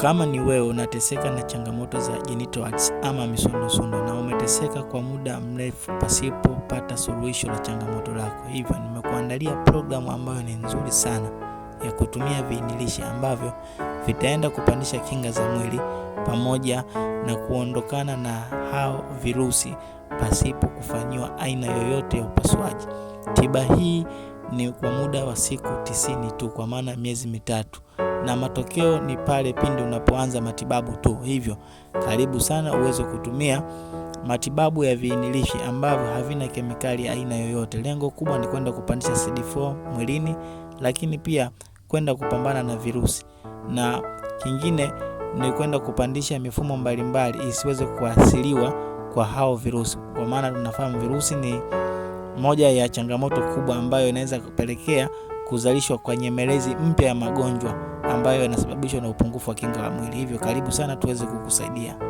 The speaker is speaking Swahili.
Kama ni wewe unateseka na changamoto za genital ama misundosundo na umeteseka kwa muda mrefu pasipopata suluhisho la changamoto lako, hivyo nimekuandalia programu ambayo ni nzuri sana ya kutumia viinilishi ambavyo vitaenda kupandisha kinga za mwili pamoja na kuondokana na hao virusi pasipo kufanyiwa aina yoyote ya upasuaji. Tiba hii ni kwa muda wa siku tisini tu, kwa maana miezi mitatu na matokeo ni pale pindi unapoanza matibabu tu. Hivyo karibu sana uweze kutumia matibabu ya viinilishi ambavyo havina kemikali aina yoyote. Lengo kubwa ni kwenda kupandisha CD4 mwilini, lakini pia kwenda kupambana na virusi, na kingine ni kwenda kupandisha mifumo mbalimbali isiweze kuathiriwa kwa hao virusi, kwa maana tunafahamu virusi ni moja ya changamoto kubwa ambayo inaweza kupelekea kuzalishwa kwa nyemelezi mpya ya magonjwa ambayo yanasababishwa na upungufu wa kinga ya mwili. Hivyo karibu sana tuweze kukusaidia.